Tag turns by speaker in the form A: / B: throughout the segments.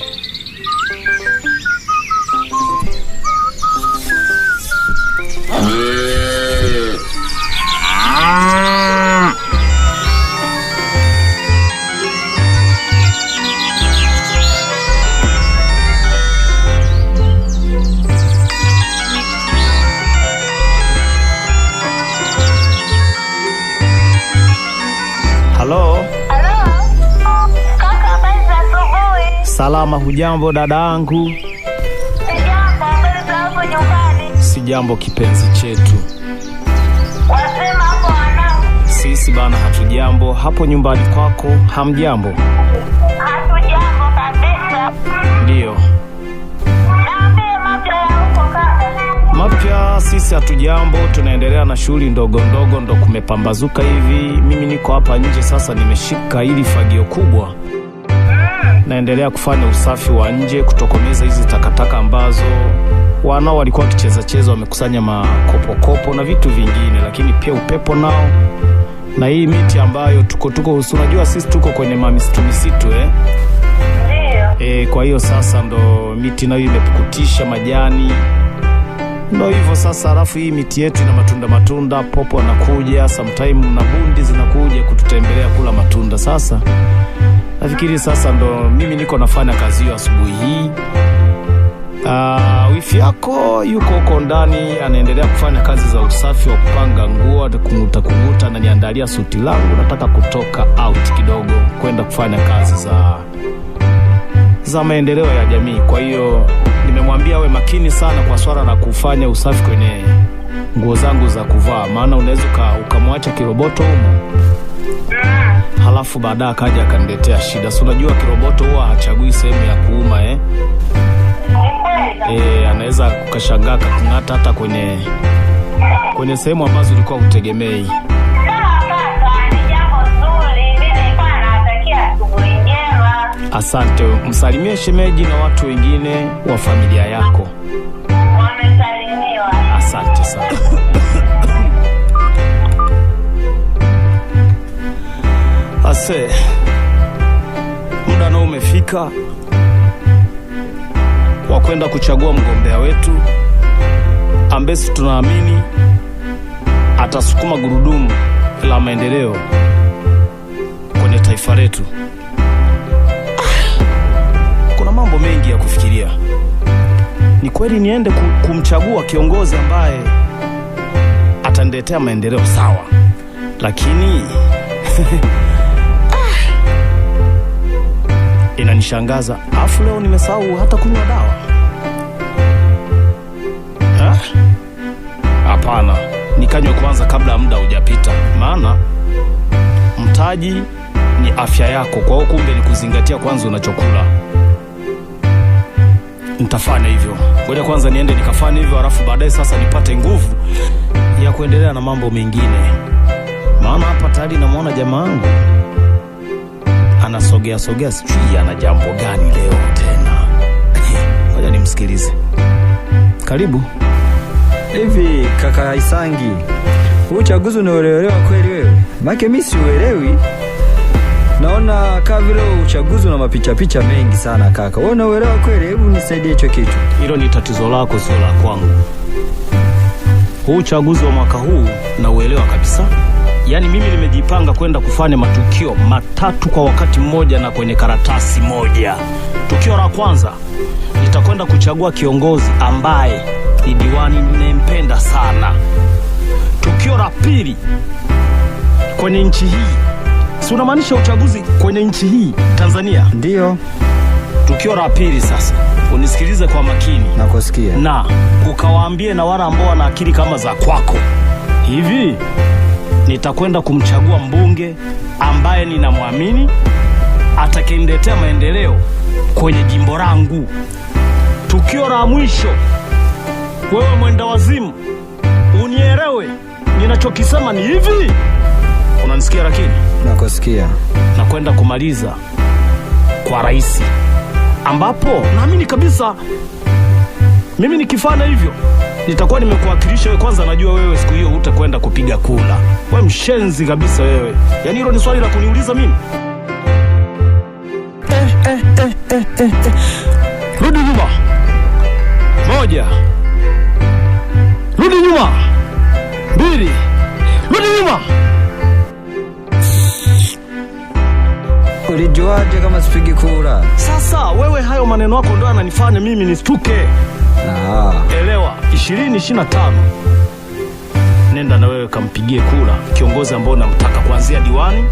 A: Música Hujambo dada yangu? Si jambo kipenzi chetu.
B: Wasema hapo wanangu.
A: Sisi bana hatujambo. Hapo nyumbani kwako hamjambo?
B: Hatujambo kabisa.
A: Ndio. Mapya sisi hatujambo, tunaendelea na shughuli ndogo ndogo, ndo kumepambazuka hivi. Mimi niko hapa nje sasa, nimeshika hili fagio kubwa naendelea kufanya usafi wa nje kutokomeza hizi takataka ambazo wanao walikuwa wakichezacheza wamekusanya makopokopo na vitu vingine, lakini pia upepo nao na hii miti ambayo tuko tuko, unajua sisi tuko kwenye mamisitu misitu eh? E, kwa hiyo sasa ndo miti nayo imepukutisha majani Ndo hivyo sasa, alafu hii miti yetu ina matunda matunda, popo anakuja sometime na bundi zinakuja kututembelea kula matunda. Sasa nafikiri sasa ndo mimi niko nafanya kazi hiyo asubuhi hii. Uh, wifi yako yuko huko ndani anaendelea kufanya kazi za usafi wa kupanga nguo, kung'uta kung'uta, ananiandalia suti langu. Nataka kutoka out kidogo kwenda kufanya kazi za za maendeleo ya jamii. Kwa hiyo nimemwambia awe makini sana kwa swala la kufanya usafi kwenye nguo zangu za kuvaa, maana unaweza ukamwacha kiroboto humo halafu baadaye akaja akaniletea shida. Si unajua kiroboto huwa hachagui sehemu ya kuuma eh? E, anaweza ukashangaa kakung'ata hata kwenye, kwenye sehemu ambazo ulikuwa hutegemei. Asante, msalimie shemeji na watu wengine wa familia yako.
B: Wamesalimiwa.
A: Asante sana. Ase, muda nao umefika wa kwenda kuchagua mgombea wetu ambaye tunaamini atasukuma gurudumu la maendeleo kwenye taifa letu. ni kweli niende kumchagua kiongozi ambaye ataniletea maendeleo sawa, lakini ah, inanishangaza, afu leo nimesahau hata kunywa dawa. Hapana, nikanywe kwanza kabla muda hujapita, maana mtaji ni afya yako. Kwa hiyo kumbe ni kuzingatia kwanza unachokula. Nitafanya hivyo ngoja kwanza niende nikafanya hivyo, halafu baadaye sasa nipate nguvu ya kuendelea na mambo mengine, maana hapa tayari namwona jamaa wangu anasogea sogea, sijui ana jambo gani leo tena. Ngoja nimsikilize. Karibu.
C: Hivi kaka Isangi, huu uchaguzi unaelewelewa kweli wewe? Make mimi siuelewi. Naona kaa vile uchaguzi una mapichapicha mengi sana kaka. Wewe unauelewa kweli? Hebu nisaidie hicho kitu.
A: Hilo ni tatizo lako, sio la kwangu. Huu uchaguzi wa mwaka huu nauelewa kabisa. Yaani mimi nimejipanga kwenda kufanya matukio matatu kwa wakati mmoja na kwenye karatasi moja. Tukio la kwanza nitakwenda kuchagua kiongozi ambaye ni diwani ninayempenda sana. Tukio la pili kwenye nchi hii Si unamaanisha uchaguzi kwenye nchi hii Tanzania? ndio Tukio la pili sasa, unisikilize kwa makini. Nakusikia. Na ukawaambie na wale ambao wana akili kama za kwako hivi, nitakwenda kumchagua mbunge ambaye ninamwamini atakayeniletea maendeleo kwenye jimbo langu. Tukio la mwisho, wewe mwenda wazimu, unielewe ninachokisema ni hivi, unanisikia lakini
C: Nakusikia.
A: Na kwenda kumaliza kwa rais, ambapo naamini kabisa mimi nikifanya hivyo nitakuwa nimekuwakilisha wewe. Kwanza najua wewe siku hiyo hutakwenda kupiga kula, we mshenzi kabisa wewe. Yaani hilo ni swali la kuniuliza mimi? Eh, eh, eh, rudi nyuma moja, rudi nyuma mbili, rudi nyuma
C: ulijuaje kama sipigi kura?
A: Sasa wewe, hayo maneno yako ndo yananifanya mimi nistuke. Nah. Elewa, ishirini ishirini tano nenda na wewe kampigie kura kiongozi ambao namtaka, kuanzia diwani,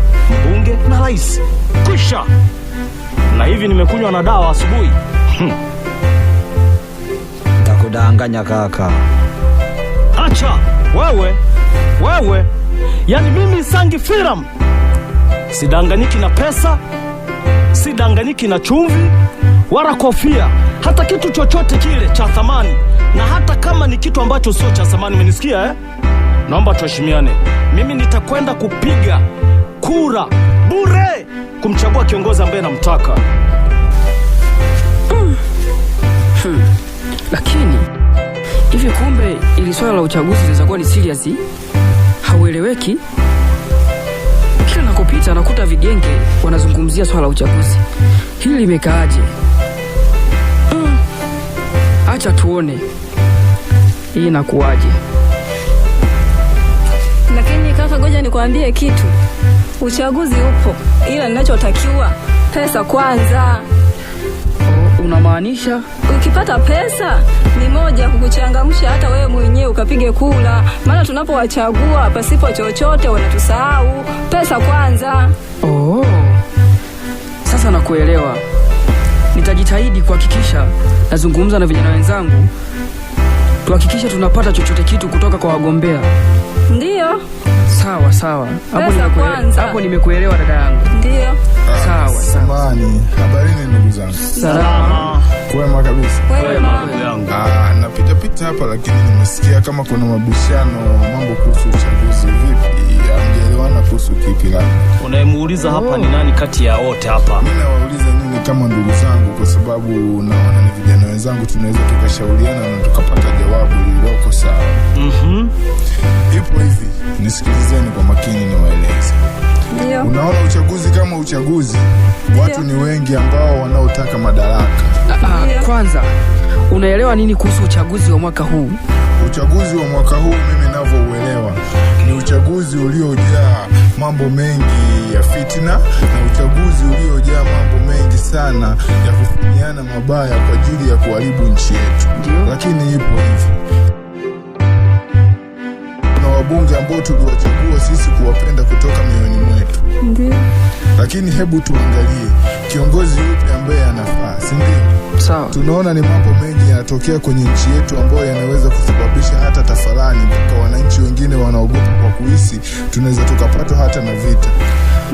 A: mbunge na rais. Kwisha. Na hivi nimekunywa na dawa asubuhi. Hmm.
C: Takudanganya kaka.
A: Acha wewe, wewe, yani mimi Sangi Filamu Sidanganyiki na pesa, sidanganyiki na chumvi wala kofia, hata kitu chochote kile cha thamani, na hata kama ni kitu ambacho sio cha thamani. Umenisikia eh? Naomba tuheshimiane. Mimi nitakwenda kupiga kura bure kumchagua kiongozi ambaye namtaka. Hmm. Hmm. Lakini hivi kumbe ili swala la uchaguzi linaweza kuwa ni serious, haueleweki. Twitter nakuta vigenge wanazungumzia swala la uchaguzi. Hili limekaaje? hacha hmm. Acha tuone hii inakuwaje.
D: Lakini kaka, ngoja nikwambie kitu, uchaguzi upo, ila ninachotakiwa pesa kwanza.
A: Unamaanisha
D: ukipata pesa ni moja kukuchangamsha hata wewe mwenyewe ukapige kula, maana tunapowachagua pasipo chochote wanatusahau. Pesa kwanza.
A: Oh, sasa nakuelewa. Nitajitahidi kuhakikisha nazungumza na vijana wenzangu, tuhakikishe tunapata chochote kitu kutoka kwa wagombea. Ndiyo. Sawa sawa, hapo nimekuelewa dada yangu. Ndio. Sawa sawa.
E: ni ndugu zangu.
A: Salama.
E: Kwema kabisa. Kwema. Ah, napita pita hapa lakini nimesikia kama kuna mabishano mambo kuhusu
A: nauliza hapa mm. ni nani kati ya wote hapa?
E: Mimi nawauliza nyinyi kama ndugu zangu, kwa sababu naona ni vijana wenzangu, tunaweza tukashauriana na tukapata jawabu lililoko sawa. mm-hmm. Ipo hivi, nisikilizeni kwa makini, ni Ndiyo. Unaona, uchaguzi kama uchaguzi, watu ni wengi ambao wanaotaka madaraka.
A: Uh, kwanza unaelewa nini kuhusu uchaguzi wa mwaka huu?
E: Uchaguzi wa mwaka huu mimi ninavyouelewa ni uchaguzi uliojaa mambo mengi ya fitina na uchaguzi uliojaa mambo mengi sana ya kufanyiana mabaya kwa ajili ya kuharibu nchi yetu, lakini ipo hivi wabunge ambao tuliwachagua sisi kuwapenda kutoka mioyoni mwetu. Lakini hebu tuangalie kiongozi yupi ambaye anafaa, si ndio? Sawa. Tunaona ni mambo mengi yanatokea kwenye nchi yetu ambayo yanaweza kusababisha hata tafarani mpaka wananchi wengine wanaogopa kwa kuhisi tunaweza tukapatwa hata na vita.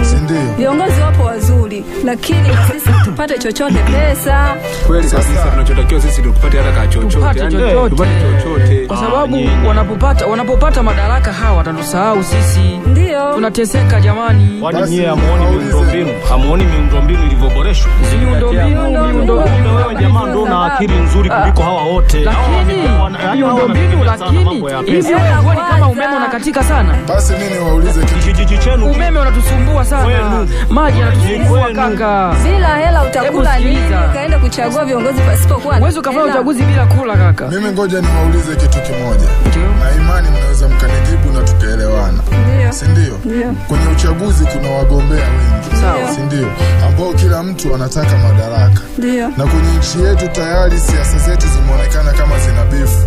E: Sindio?
D: Viongozi wapo wazuri, lakini sisi tupate chochote pesa.
A: Kweli kabisa, tunachotakiwa sisi tupate hata kachochote
C: yani chochote,
A: kwa sababu yaani, yaani. wanapopata wanapopata madaraka hawa watatusahau sisi. Ndio tunateseka jamani,
F: kwani nyie hamuoni miundombinu, hamuoni miundombinu ilivyoboreshwa? Wewe jamaa ndo na akili nzuri ah. kuliko hawa wote,
A: yaani miundombinu lakini hivi wewe kama umeme unakatika sana,
E: basi mimi niwaulize kijiji chenu
A: umeme unatusumbua sana, maji yanatusumbua kaka,
D: bila hela utakula nini? Ukaenda kuchagua viongozi pasipokuwa,
A: huwezi ukafanya uchaguzi bila kula kaka.
E: Mimi ngoja niwaulize kitu kimoja, na imani mnaweza mkanijibu na tukaelewana si ndio? Kwenye uchaguzi kuna wagombea wengi yeah. si ndio? Ambao kila mtu anataka madaraka yeah. na kwenye nchi yetu tayari siasa zetu zimeonekana kama zina bifu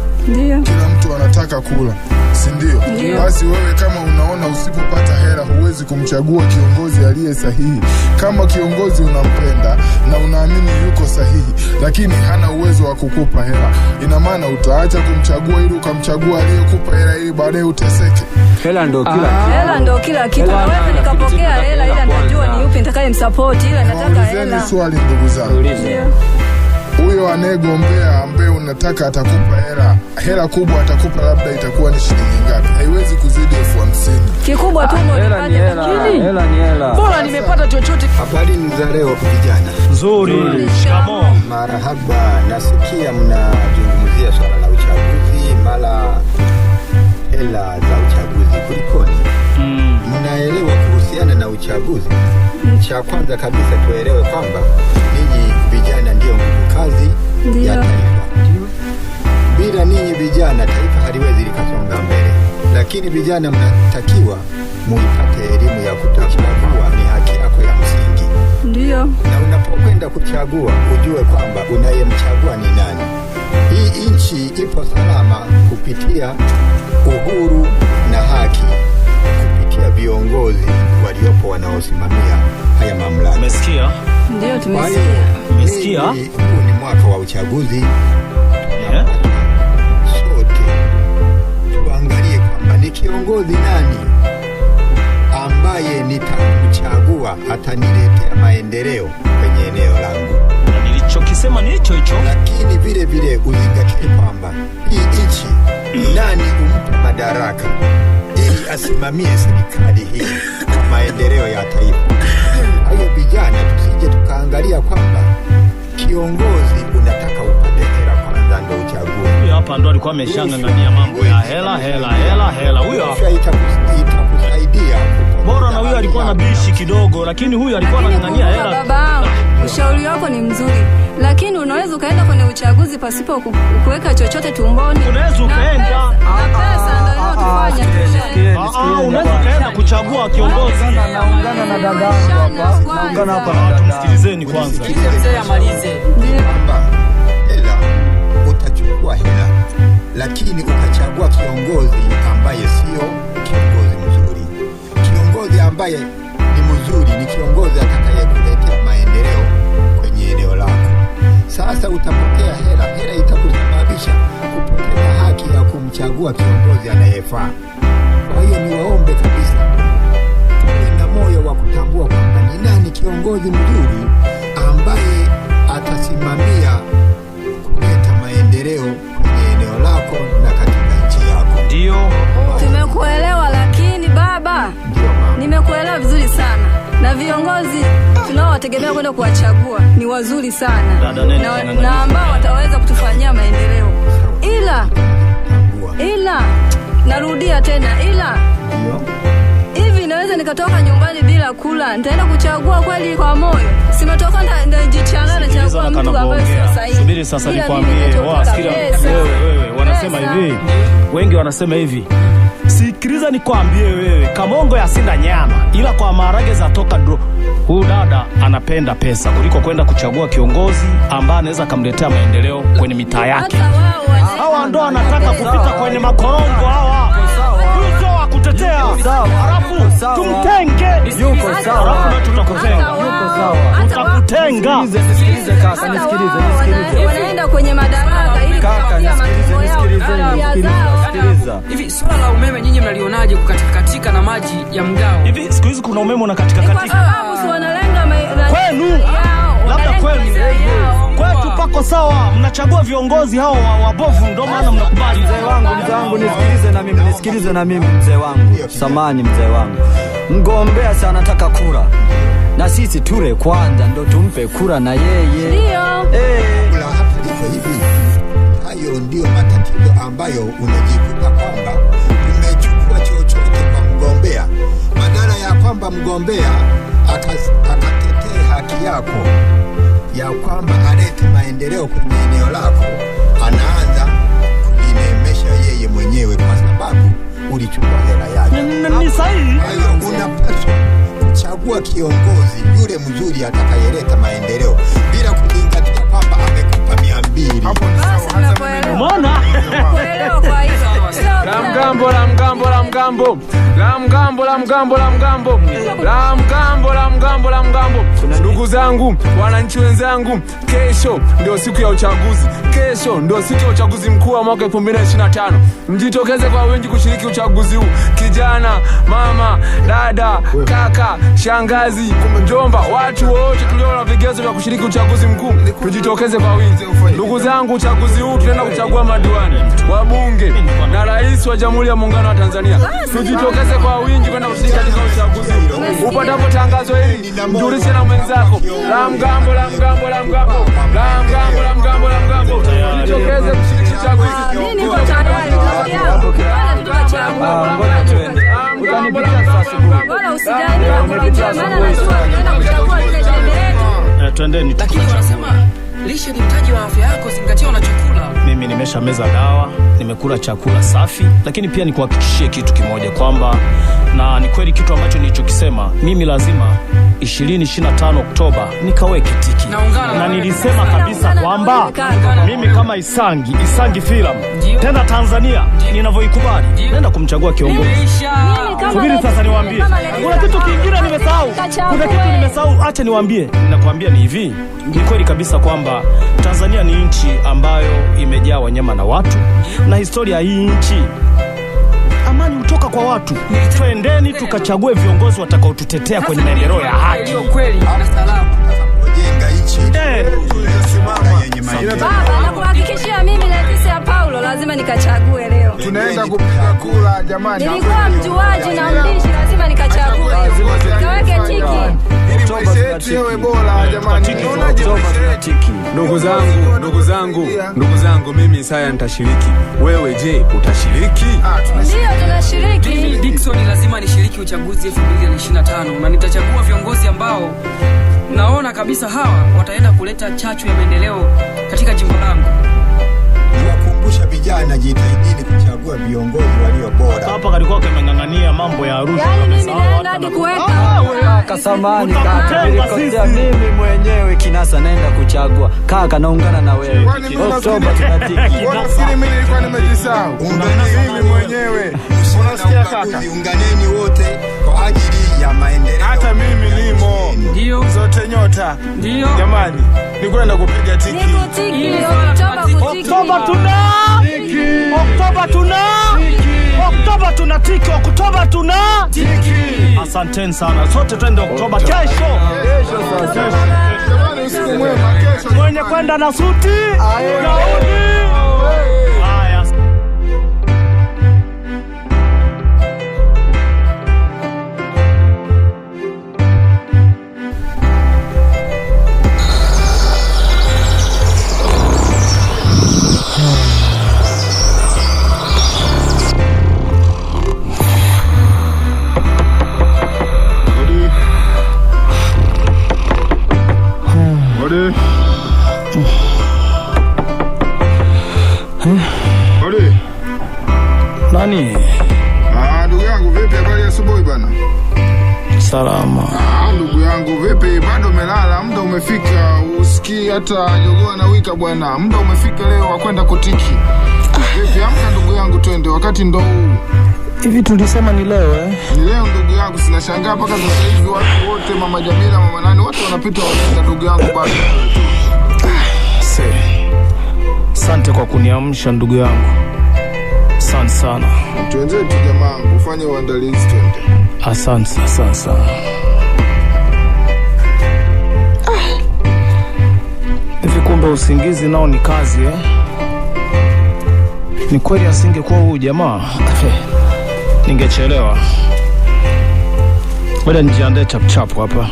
E: Kila mtu anataka kula si ndio? Basi wewe kama unaona usipopata hela huwezi kumchagua kiongozi aliye sahihi, kama kiongozi unampenda na unaamini yuko sahihi, lakini hana uwezo wa kukupa hela, ina maana utaacha kumchagua ili ukamchagua aliyekupa hela ili baadaye uteseke.
C: Hela ndio ah, kila kitu,
D: hela ndio kila kitu. nikapokea hela, ila najua ni yupi nitakaye msapoti, ila nataka hela.
E: Swali ndugu zangu huyo anayegombea ambaye unataka atakupa hela hela kubwa, atakupa labda itakuwa ni shilingi ngapi? Haiwezi kuzidi elfu hamsini.
D: Kikubwa tu ah,
C: hela ni hela, ni hela.
A: Bora nimepata chochote.
G: Habari ni za leo vijana, nzuri. Marahaba. Nasikia mnazungumzia swala la uchaguzi, mara hela za uchaguzi, kulikoni? Hmm. Mnaelewa kuhusiana na uchaguzi? Cha kwanza kabisa tuelewe kwamba Lakini vijana, mnatakiwa muipate elimu ya kutochagua ni haki yako ya msingi. ndio Na unapokwenda kuchagua ujue kwamba unayemchagua ni nani. Hii nchi ipo salama kupitia uhuru na haki kupitia viongozi waliopo wanaosimamia haya mamlaka.
A: Umesikia?
D: Ndio, tumesikia.
A: Umesikia?
G: ni mwaka wa uchaguzi. Yeah. ni kiongozi nani ambaye nitamchagua ataniletea maendeleo kwenye eneo langu.
A: Nilichokisema ni hicho hicho,
G: lakini vile vile uzingatie kwamba hii nchi nani umpa madaraka ili asimamie serikali hii kwa maendeleo ya taifa. Hayo vijana, tusije tukaangalia kwamba kiongozi unataka upate hela kwanza ndio uchague
A: hapa ndo alikuwa ameshang'ang'ania mambo ya hela hela hela hela. Huyo bora na huyo alikuwa na bishi kidogo, lakini huyo alikuwa anang'ang'ania
D: hela. ushauri wako ni mzuri, lakini unaweza ukaenda kwenye uchaguzi pasipo kuweka chochote tumboni.
A: Unaweza ukaenda unaweza ukaenda kuchagua kiongozi.
C: Naungana na dadangu
A: hapa, hapa. Ah, tumsikilizeni kwanza,
D: amalize
G: kuchagua hela, lakini ukachagua kiongozi ambaye sio kiongozi mzuri. Kiongozi ambaye ni mzuri ni kiongozi atakayekuletea maendeleo kwenye eneo lako. Sasa utapokea hela, hela itakusababisha kupoteza haki ya kumchagua kiongozi anayefaa. Kwa hiyo niwaombe kabisa, tuwe na moyo wa kutambua kwamba ni nani kiongozi mzuri ambaye atasimamia
D: kuelewa lakini baba, nimekuelewa vizuri sana na viongozi tunaowategemea kwenda kuwachagua ni wazuri sana
A: na, na,
D: na ambao wataweza kutufanyia maendeleo, ila ila, narudia tena, ila Siweza nikatoka nyumbani bila kula, nitaenda kuchagua kweli kwa moyo, simetoka ndajichanga na
A: chagua mtu ambaye sio sahihi. Subiri sasa nikwambie, wewe wewe, wanasema hivi, wengi wanasema hivi Sikiliza nikwambie wewe, kamongo ya sinda nyama, ila kwa maharage za toka dro. Huyu dada anapenda pesa kuliko kwenda kuchagua kiongozi ambaye anaweza akamletea maendeleo kwenye mitaa yake. Hawa ndo anataka kupita kwenye makorongo hawa kumtetea, halafu tumtenge, tutakutenga.
D: Wanaenda kwenye madaraka
C: ili
A: hivi. Swala la umeme nyinyi mnalionaje, kukatika katika na maji ya mgao? Hivi siku hizi kuna umeme na katika kwenu? kweli kwetu pako sawa, mnachagua viongozi hao wabovu, ndio maana mnakubali.
C: Mzee wangu, mzee wangu, nisikilize na mimi, nisikilize na mimi mzee wangu, samani mzee wangu, mgombea si anataka kura, na sisi ture kwanza, ndo tumpe kura na yeye.
D: Ndio
C: eh.
G: hivi, hayo ndio matatizo ambayo unajikuta kwamba umechukua chochote kwa mgombea, badala ya kwamba mgombea akatetea haki yako ya kwamba alete maendeleo kwenye eneo lako, anaanza kujinemesha yeye mwenyewe, kwa sababu ulichukua hela yake. unapaswa kuchagua kiongozi yule mzuri atakayeleta maendeleo bila kuzingatia kwamba amekupa mia mbili.
D: Hapo ni Kwa mgambo la mgambo la mgambo la mgambo la mgambo la mgambo la mgambo la mgambo la mgambo. Ndugu zangu, wananchi wenzangu, kesho ndio siku ya uchaguzi. Kesho ndio siku ya uchaguzi mkuu wa mwaka 2025. Mjitokeze kwa wengi kushiriki uchaguzi huu. Kijana, mama, dada, kaka, shangazi, njomba watu wote tulio na vigezo vya kushiriki uchaguzi mkuu, tujitokeze kwa wingi. Ndugu zangu, uchaguzi huu tunaenda kuchagua madiwani, wabunge na Rais wa Jamhuri ya Muungano wa Tanzania. Tujitokeze kwa wingi kwenda kushiriki katika uchaguzi. Upatapo tangazo hili, mjulishe na mwenzako. La mgambo, la mgambo, la mgambo, la mgambo, la mgambo, la mgambo. Jitokeze kushiriki uchaguzi. Twendeni. Lishe ni mtaji wa afya yako, zingatia unachokula. Mimi meza dawa, nimekula chakula safi, lakini pia nikuhakikishie kitu kimoja kwamba, na ni kweli kitu ambacho nilichokisema, mimi lazima 2025 Oktoba nikaweke tiki na, na nilisema kabisa kwamba mimi kama Isangi Isangi filamu tena Tanzania ninavyoikubali nenda kumchagua kiongozi. Subiri sasa niwaambie, kuna kitu kingine nimesahau, kuna kitu nimesahau, acha niwaambie. Ninakwambia ni hivi, ni kweli kabisa kwamba Tanzania ni nchi ambayo imejaa wanyama na watu, na historia hii nchi amani hutoka kwa watu. Twendeni tukachague viongozi watakaotutetea kwenye maendeleo ya haki yenye maendeleo. Baba, nakuhakikishia mimi Leticia eh. Paulo lazima nikachague tunaenda kupiga kula jamani. Nilikuwa mjuaji na mbishi, lazima nikachagua. Kaweke tiki Ndugu zangu, ndugu zangu, ndugu zangu, mimi saya nitashiriki. Wewe je, utashiriki? Ndio, tunashiriki. Mimi Dickson lazima nishiriki uchaguzi 2025 na nitachagua viongozi ambao naona kabisa hawa wataenda kuleta chachu ya maendeleo katika jimbo langu vijana jitahidini kuchagua viongozi walio bora. Hapa kalikuwa kimeng'ang'ania mambo ya Arusha. Yaani mimi naenda hadi kuweka ah, kaka kaka, nilikotea mimi mwenyewe kinasa, naenda kuchagua kaka, naungana na wewe Oktoba tunatiki. Nafikiri mimi nilikuwa nimejisahau mimi mwenyewe. Unasikia kaka, ungane ni wote ajili ya maendeleo. Hata mimi nimo. Ndio. Zote nyota. Ndio. Jamani, ni kupiga tiki. Niko tiki. Oktoba tuna. Oktoba tuna. Oktoba tuna tiki. Oktoba tuna. Tiki. Asanteni sana. Sote twende Oktoba kesho. Kesho sasa. Mwenye kwenda na suti. Gauni. bwana, muda umefika leo wa kwenda kutiki. Hivi amka ndugu yangu, twende, wakati ndo huu. Hivi tulisema ni leo eh? Ni leo ndugu yangu, sinashangaa mpaka sasa hivi watu wote, mama Jamila, mama nani, wote wanapita wanaenda, ndugu yangu bado. Ah, asante kwa kuniamsha ndugu yangu, asante sana. Twende tu jamaa, ufanye uandalizi, twende. Asante, asante sana. kumbe usingizi nao ni kazi eh? Ni kweli asingekuwa huyu jamaa ningechelewa. Ngoja nijiandae chapchapu hapa.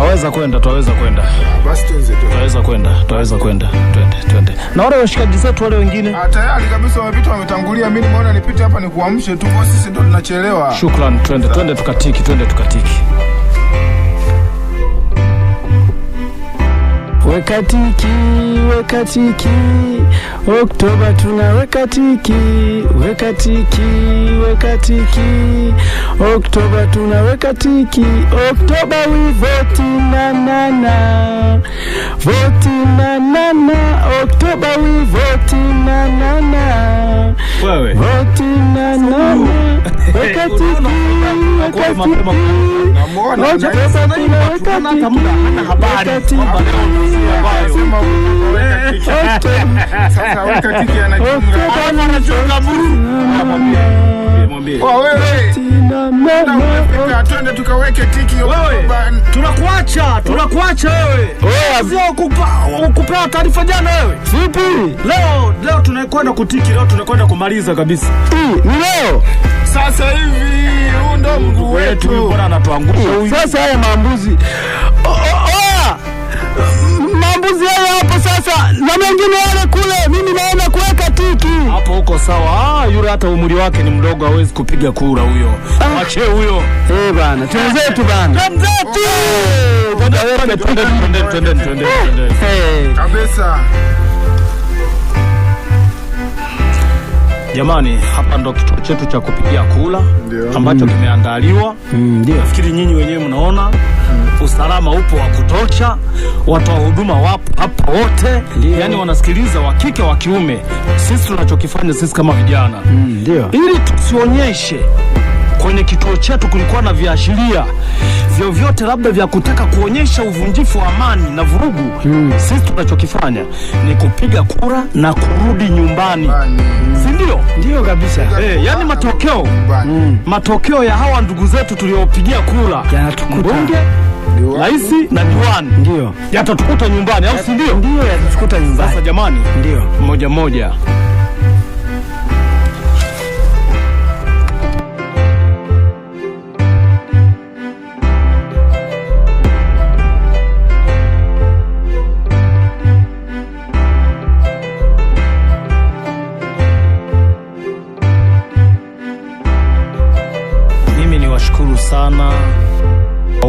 D: Twaweza kwenda, twaweza kwenda. Basi tuenze tu. Twaweza kwenda, twaweza kwenda. Twende, twende. Na wale washikaji zetu wale wengine? Ah, tayari kabisa wamepita wametangulia. Mimi nimeona nipite hapa nikuamshe tu kwa sisi ndo tunachelewa. shukran twende, twende tukatiki, twende tukatiki. Wekatiki, wekatiki. Oktoba tunaweka tiki, weka tiki, weka tiki. Oktoba tunaweka tiki, Oktoba we vote na na na. Vote na na na, Oktoba we vote na na na wewe ouais, ouais. voti na nani wakati wakati wakati Tunakuacha, tunakuacha wewekupewa taarifa jana wewe. leo? Leo tunakwenda kutiki, leo tunakwenda kumaliza kabisa. Ni leo sasa hivi, huu ndo Mungu wetu, Sasa haya maambuzi kazi yao hapo sasa, na mengine yale kule, mimi naona kuweka tiki hapo. Huko sawa. Ah, yule hata umri wake ni mdogo, hawezi kupiga kura huyo. Ah. Wache huyo eh bana, twenzetu bana, twenzetu eh, eh, eh. kabisa. Jamani, hapa ndo kituo chetu cha kupigia kula ambacho mm. kimeandaliwa. Mm, Nafikiri nyinyi wenyewe mnaona usalama upo wa kutosha, watoa huduma wapo hapa wote, yani wanasikiliza wa kike wa kiume. Sisi tunachokifanya sisi kama vijana mm, ili tusionyeshe kwenye kituo chetu kulikuwa na viashiria vyovyote labda vya kutaka kuonyesha uvunjifu wa amani na vurugu hmm. Sisi tunachokifanya ni kupiga kura na kurudi nyumbani hmm. si ndio? Ndio kabisa eh, yani matokeo hmm. matokeo ya hawa ndugu zetu tuliopigia kura yanatukuta mbunge rais na diwani ndio yatatukuta nyumbani, au si ndio? Ndio, yatatukuta nyumbani. Sasa jamani, ndio moja moja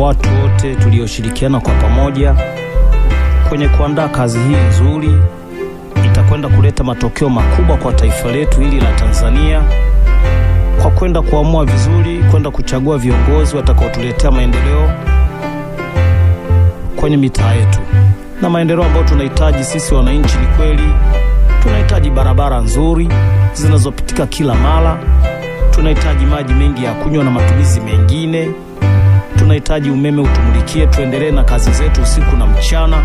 D: watu wote tulioshirikiana kwa pamoja kwenye kuandaa kazi hii nzuri itakwenda kuleta matokeo makubwa kwa taifa letu hili la Tanzania kwa kwenda kuamua vizuri, kwenda kuchagua viongozi watakaotuletea maendeleo kwenye mitaa yetu na maendeleo ambayo tunahitaji sisi wananchi. Ni kweli tunahitaji barabara nzuri zinazopitika kila mara, tunahitaji maji mengi ya kunywa na matumizi mengine tunahitaji umeme utumulikie, tuendelee na kazi zetu usiku na mchana,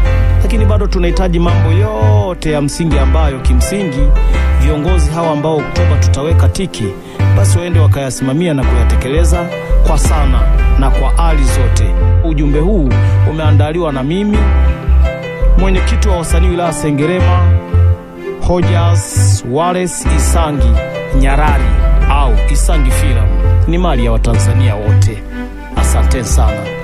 D: lakini bado tunahitaji mambo yote ya msingi ambayo kimsingi viongozi hawa ambao Oktoba tutaweka tiki, basi waende wakayasimamia na kuyatekeleza kwa sana na kwa hali zote. Ujumbe huu umeandaliwa na mimi mwenyekiti wa wasanii wilaya Sengerema, Hojas Wales Isangi Nyarari au Isangi Filamu. Ni mali ya Watanzania wote. Asanteni sana.